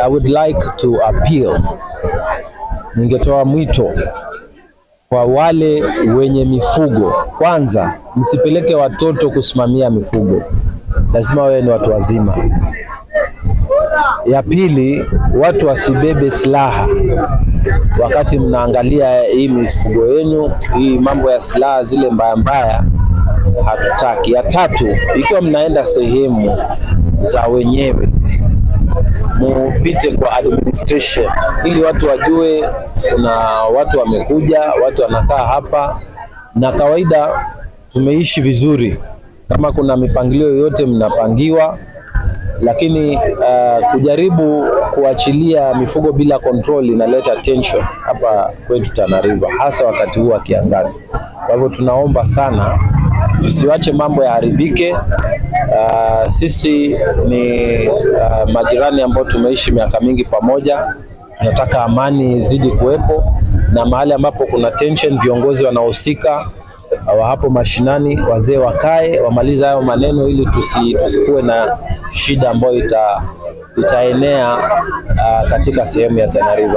I would like to appeal, ningetoa mwito kwa wale wenye mifugo, kwanza msipeleke watoto kusimamia mifugo, lazima wawe ni watu wazima. Ya pili, watu wasibebe silaha wakati mnaangalia hii mifugo yenu. Hii mambo ya silaha zile mbaya mbaya hatutaki. Ya tatu, ikiwa mnaenda sehemu za wenyewe mupite kwa administration ili watu wajue kuna watu wamekuja, watu wanakaa hapa, na kawaida tumeishi vizuri. Kama kuna mipangilio yoyote mnapangiwa, lakini uh, kujaribu kuachilia mifugo bila control inaleta tension hapa kwetu Tana River, hasa wakati huu wa kiangazi. Kwa hivyo tunaomba sana tusiwache mambo yaharibike. Uh, sisi ni majirani ambao tumeishi miaka mingi pamoja. nataka amani izidi kuwepo, na mahali ambapo kuna tension, viongozi wanaohusika wa hapo mashinani, wazee wakae wamalize hayo maneno, ili tusi, tusikuwe na shida ambayo ita, itaenea uh, katika sehemu ya Tana River.